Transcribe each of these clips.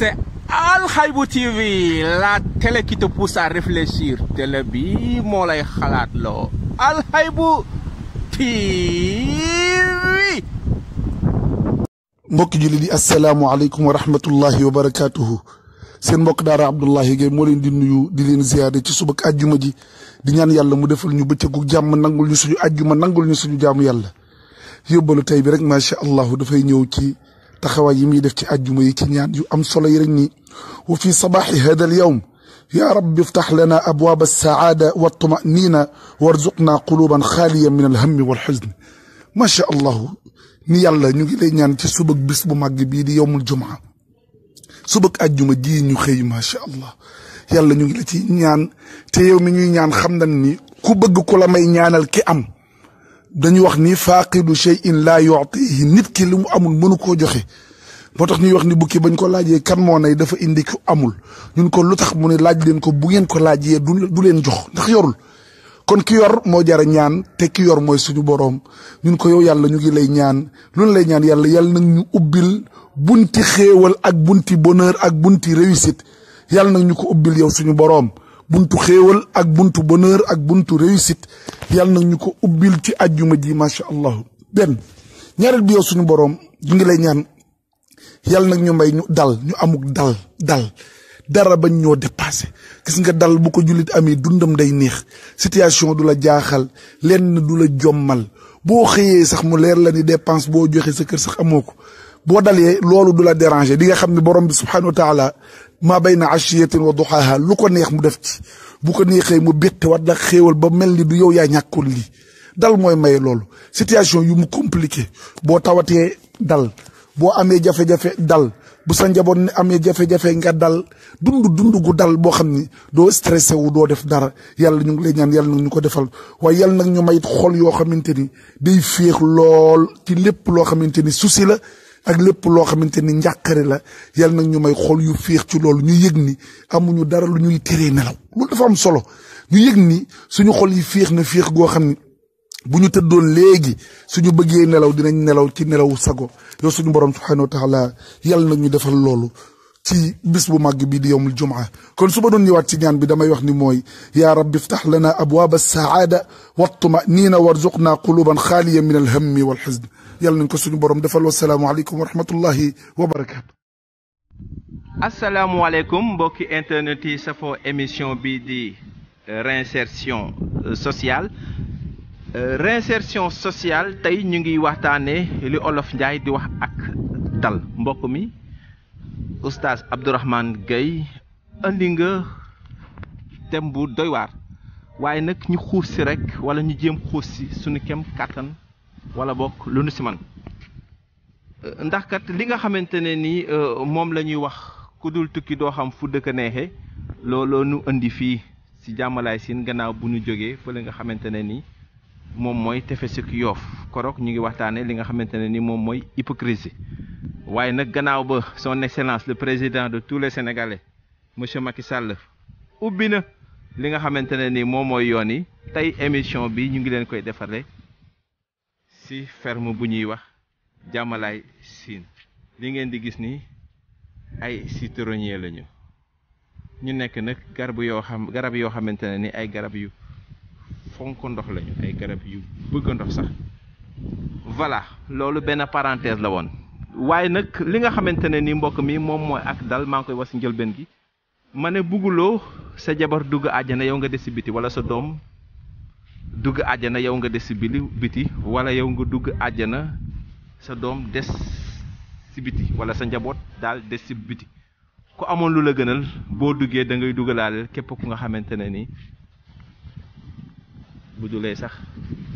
c'est Al Haïbou TV la télé qui te moo lay xalaat loo Al Haïbou TV mbokki jullit yi asalaamualeykum wa rahmatullahi wa barakatuhu seen mbokk daara Abdoulaye Gaye moo leen di nuyu di leen ziyaare ci subak ajjuma ji di ñaan yàlla mu defal ñu bëccëgu jàmm nangul ñu suñu ajjuma nangul ñu suñu jaamu yàlla yóbbalu tey bi rek macha allah dafay ñëw ci taxawaay yi muy def ci àjjuma yi ci ñaan yu am solo yi rek nii wa fi sabaaxi hada al yawm yaa rabbi iftax lana abwaab alsaada wa altumanina warzuqna quluban xaaliya min alhammi walxusni macha allahu ni yàlla ñu ngi lay ñaan ci subag bis bu màgg bii di yowmul jumaa subag àjjuma ji ñu xëy macha allah yàlla ñu ngi la ci ñaan te yow mi ñuy ñaan xam nañ ni ku bëgg ku la may ñaanal ki am dañuy wax ni faaqidu shay'in laa yu'tihi nit ki li mu amul mënu koo joxe moo tax ñuy wax ni bukki bañ ko laajee kan moo nay dafa indi ku amul ñun ko lu tax mu ne laaj leen ko bu ngeen ko laajee du du leen jox ndax yorul kon ki yor moo jara ñaan te ki yor mooy suñu boroom ñun ko yow yàlla ñu ngi lay ñaan lu ñu lay ñaan yàlla yàlla nag ñu ubbil bunti xeewal ak bunti bonheur ak bunti réussite yàlla nag ñu ko ubbil yow suñu boroom buntu xéewal ak buntu bonheur ak buntu réussite yàlla na ñu ko ubbil ci ajjuma ji macha allah benn ñaareel bi yow suñu borom ñu ngi lay ñaan yàlla nag ñu mbay ñu dal ñu amuk dal dal dara bañ ñoo dépassé gis nga dal bu ko jullit amee dundam day neex situation du la jaaxal lenn du la jommal boo xëyee sax mu leer la ni dépense boo joxe sa kër sax amoo ko boo dalee loolu du la déranger di nga xam ne borom bi subhanahu wa taala maa bay na ashiyatin wa duxaaha lu ko neex mu def ci bu ko neexee mu bette wat la xéewal ba mel ni du yow yaa ñàkkoon lii dal mooy maye loolu situation yu mu compliqué boo tawatee dal boo amee jafe-jafe dal bu sa njaboot ne amee jafe-jafe nga dal dund dund gu dal boo xam ni doo stressé wu doo def dara yàlla ñu ngi lay ñaan yàlla nag ñu ko defal waaye yàlla nag ñu may xol yoo xamante ni day féex lool ci lépp loo xamante ni suusi la ak lépp loo xamante ni njàqare la yal nag ñu may xol yu féex ci loolu ñu yëg ni amuñu dara lu ñuy teree nelaw loolu dafa am solo ñu yëg ni suñu xol yi féex na féex goo xam ni bu ñu tëddoon léegi suñu bëggee nelaw dinañ nelaw ci nelawu sago yow suñu borom subhanahu wa taala yal nag ñu defal loolu ci bis bu màgg bi di yowmul jumaa kon su ma doon ñëwaat ci ñaan bi damay wax ni mooy yaa rabbi iftax lana abwaaba alsaada wa altumaniina warzuqna quluban xaaliya min alhammi walxizn yàlla nañ ko suñu borom defal wasalaamualeykum wa rahmatullahi wa barakaatu. asalaamualeykum mbokki internet yi safoo émission bii di euh, réinsertion euh, sociale euh, réinsertion sociale tey ñu ngi waxtaanee li olof Njaay di wax ak dal mbokk mi oustaz Abdourahmane Gueye andi nga thème bu doy waaye nag ñu xuus si rek wala ñu jéem xuus si sunu kem kàttan wala bokk lu nu si man ndaxkat li nga xamante ne ni euh, moom la ñuy wax ku dul tukki doo xam fu dëkk neexe looloo nu indi fii si jàmmalaay siin gannaaw bu ñu jógee fële nga xamante ne ni moom mooy tefesuk yoof korok ñu ngi waxtaanee li nga xamante ne ni moom mooy hypocrisie waaye nag gannaaw ba son excellence le président de tous les sénégalais monsieur Macky Sall ubbi na li nga xamante ne ni moom mooy yoon yi tey émission bi ñu ngi leen koy defaree ci ferme bu ñuy wax jàmmalaay siin li ngeen di gis ni ay citronnier lañu ñu nekk nag garab yoo xam garab yoo xamante ne ni ay garab yu fonk ndox lañu ay garab yu bëgg ndox sax voilà loolu benn parenthèse la woon waaye nag li nga xamante ne ni mbokk mi moom mooy ak dal maa koy wax si njëlbeen gi ma ne bugguloo sa jabar dugg àjjana yow nga def si biti wala sa doom dugg àjjana yow nga des si bili biti wala yow nga dugg àjjana sa doom des si biti wala sa njaboot daal des si biti ku amoon lu la gënal boo duggee da ngay dugalaale képp ku nga xamante ne ni bu dulee sax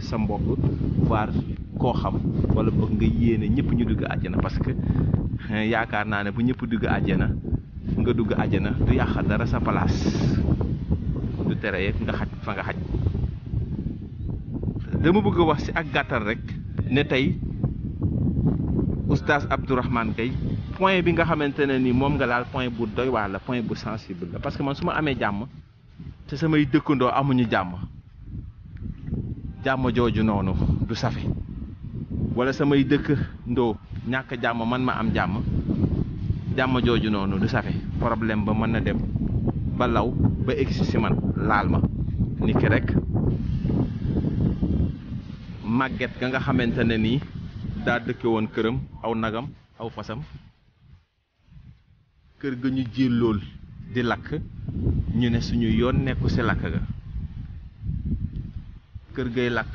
sa mbokk waar koo xam wala bëgg nga yéene ñëpp ñu dugg àjjana parce que yaakaar naa ne bu ñëpp dugg àjjana nga dugg àjjana du yàq dara sa palaas du tere yëpp nga xaj fa nga xaj dama bëgg a wax ci ak gàttal rek ne tey oustaz Abdourahmane Gaye point bi nga xamante ne ni moom nga laal point bu doy waar la point bu sensible la parce que man su ma amee jàmm te samay dëkkandoo amuñu jàmm jàmm jooju noonu du safe wala samay dëkkandoo ñàkk jàmm man ma am jàmm jàmm jooju noonu du safe problème ba mën na dem ba law ba egsi si man laal ma niki rek màgget ga nga xamante ne nii daa dëkke woon këram aw nagam aw fasam kër ga ñu ji lool di lakk ñu ne suñu yoon nekku ci lakk ga kër gay lakk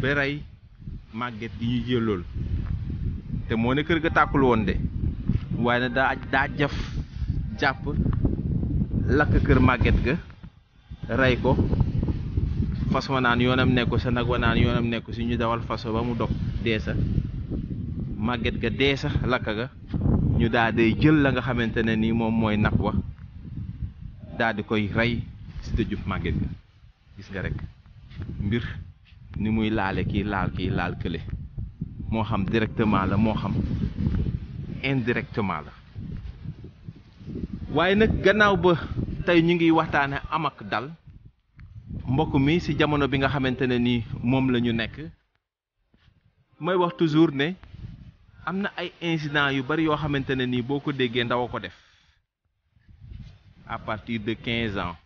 ba rey màgget gi ñu ji lool te moo ne kër ga tàkkul woon de waaye daa daa jaf jàpp lakk kër màgget ga rey ko fas wa naan yoonam nekku sa nag wa naan yoonam nekku si ñu dawal fas ba mu dog dee sa màgget ga dee sa lakk ga ñu daal day jël la nga xamante ne ni moom mooy nag wa daal di koy rey si dëjub màgget ga gis nga rek mbir ni muy laale kii laal kii laal kële moo xam directement la moo xam indirectement la waaye nag gannaaw ba tey ñu ngi waxtaane am ak dal mbokk mi ci jamono bi nga xamante ne ni moom la ñu nekk may wax toujours ne am na ay incidents yu bari yoo xamante ne ni boo ko déggee ndaw a ko def à partir de quinze ans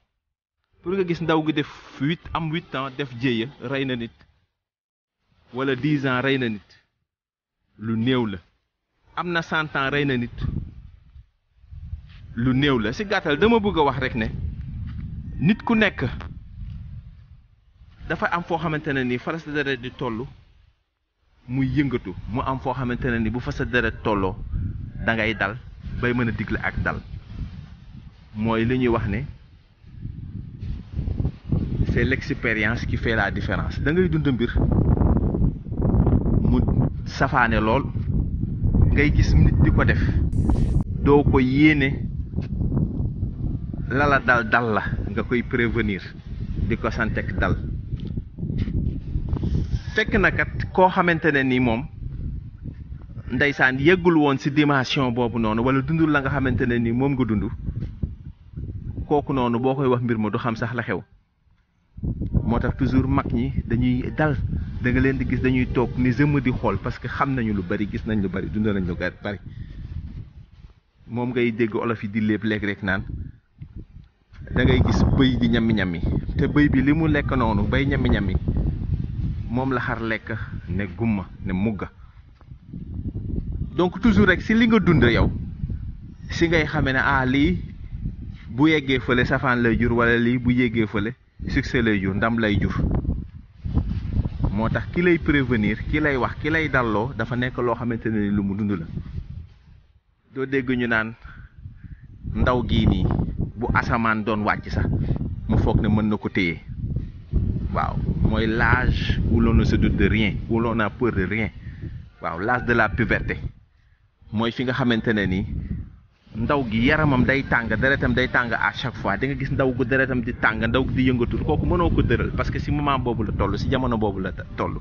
pour nga gis ndaw gi def huit am huit ans def jéeya rey na nit wala dix ans rey na nit lu néew la am na cent rey na nit lu néew la ci gàttal dama bëgg a wax rek ne nit ku nekk. dafa am foo xamante ne ni fa la sa deret di toll muy yëngatu mu am foo xamante ne ni bu fa sa deret tolloo da ngay dal bay mën a digle ak dal mooy li ñuy wax ne c'est l'expérience qui fait la différence dangay dund mbir mu safaane lool ngay gis nit di ko def doo ko yéene lala dal dal la nga koy prévenir di ko santek dal fekk na kat koo xamante ne ni moom ndeysaan yeggul woon ci dimension boobu noonu walla dundul la nga xamante ne ni moom nga dund kooku noonu boo koy wax mbir ma du xam sax la xew moo tax toujours mag ñi dañuy dal da leen di gis dañuy toog ni jëmm di xool parce que xam nañu lu bari gis nañ lu bari dund nañ lu bari moom ngay dégg olof yi di léeb léeg rek naan da ngay gis bëy di ñammi ñammi te bëy bi li mu lekk noonu bay ñammi ñammi moom la xar lekk ne gumma ne mugga donc toujours rek si li nga dund yow si ngay xamee ne ah lii bu yeggee fële safaan lay jur wala lii bu yeggee fële succès lay jur ndam lay jur moo tax ki lay prévenir ki lay wax ki lay daloo dafa nekk loo xamante ne ni lu mu dund la doo dégg ñu naan ndaw gii nii bu asamaan doon wàcc sax mu foog ne mën na ko téye waaw mooy l'âge où l'on ne se doute rien où l'on de rien waaw l'âge de la puberté mooy fi nga xamante ne nii ndaw gi yaramam day tàng deretam day tàng à chaque fois danga gis ndaw gu deretam di tàng ndaw gi di yëngatu kooku mënoo ko dëral parce que si moment boobu la tollu si jamono boobu la toll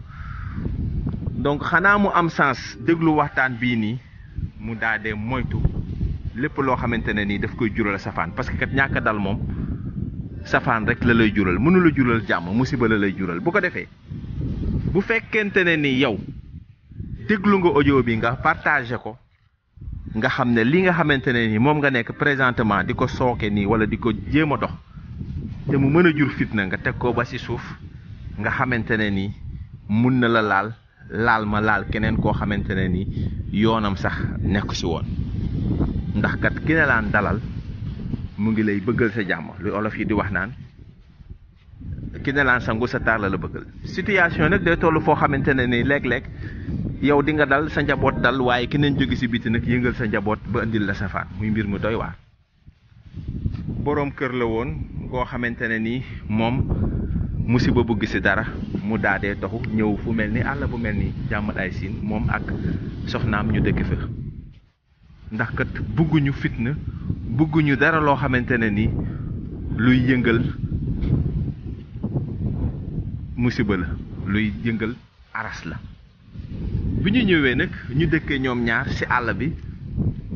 donc xanaa mu am sens déglu waxtaan bii nii mu daadee moytu lépp loo xamante ne nii daf koy jural safaan parce que kat ñàkk dal moom safaan rek la lay jural mënu la jural jàmm musiba la lay jural bu ko defee bu fekkente ne ni yow déglu nga audio bi nga partagé ko nga xam ne li nga xamante ne ni moom nga nekk présentement di ko sooke nii wala di ko jéem a dox te mu mën a jur fitna nga teg ko ba ci suuf nga xamante ne ni mun na la laal laal ma laal keneen koo xamante ne ni yoonam sax nekk ci woon ndax kat ki ne laan dalal mu ngi lay bëggal sa jàmm lu olof yi di wax naan ki ne sangu sa taar la la bëggal situation nag day toll foo xamante ne ni léeg-léeg yow di nga dal sa njaboot dal waaye keneen jóge si biti nag yëngal sa njaboot ba indil la safaan muy mbir mu doy waar boroom kër la woon koo xamante ne ni moom musiba bu gisi dara mu daadee toxu ñëw fu mel ni àll bu mel ni jàmm day siin moom ak soxnaam ñu dëkk fa ndax kat bugguñu fitna bëgguñu dara loo xamante ne ni luy yëngal musiba la luy yëngal aras la bi ñu ñëwee nag ñu dëkkee ñoom ñaar ci àll bi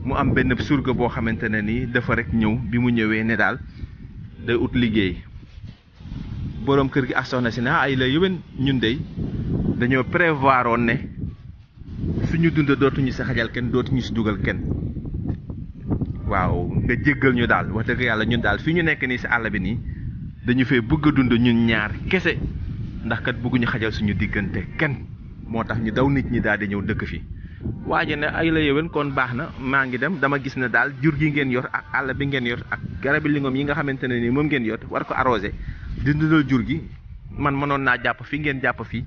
mu am benn surga boo xamante ne ni dafa rek ñëw bi mu ñëwee ne daal day ut liggéey boroom kër gi ak soxna si ne ah, ay la yëwen ñun dey dañoo prévoir woon ne suñu dund dootuñu si xajal kenn dootuñu si dugal kenn waaw nga jéggal ñu daal wax dëgg yàlla ñun daal fi ñu nekk nii si àll bi nii dañu fee bëgg dund ñun ñaar kese ndax kat bëgguñu xajal suñu diggante kenn moo tax ñu daw nit ñi daal di ñëw dëkk fii waaje ne ay la kon baax na maa ngi dem dama gis ne daal jur gi ngeen yor ak àll bi ngeen yor ak garabi lingom yi nga xamante ne ni moom ngeen yor war ko arrosé dindal jur gi man mënoon naa jàpp fii ngeen jàpp fii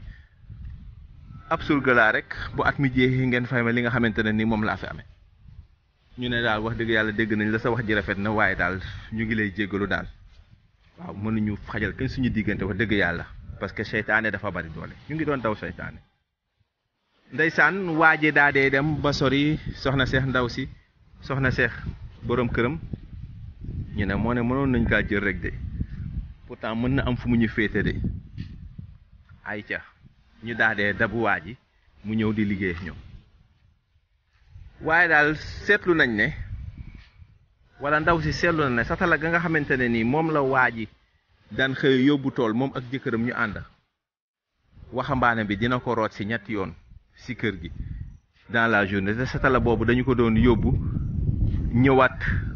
ab surga laa rek bu at mi jeexee ngeen fay ma li nga xamante ne ni moom laa fi amee. ñu ne daal wax dëgg yàlla dégg nañ la sa wax ji rafet na waaye daal ñu ngi lay jéggalu daal waaw mën nañu xajal kenn suñu diggante wax dëgg yàlla parce que seytaane dafa bari doole ñu ngi doon daw seytaane. ndeysaan waa ji daa dee dem ba sori soxna seex ndaw si soxna seex boroom këram ñu ne moo ne mënoon nañ kaa jël rek de pour temps mën na am fu mu ñu féete de ay ca ñu daa dee dabu ji mu ñëw di liggéey ñoom. waaye daal seetlu nañ ne wala ndaw si seetlu nañ ne satala ga nga xamante ne nii moom la waa ji daan xëy yóbbu tool moom ak jëkkëram ñu ànd waxambaane bi dina ko root si ñetti yoon si kër gi dans la journée te satala boobu dañu ko doon yóbbu ñëwaat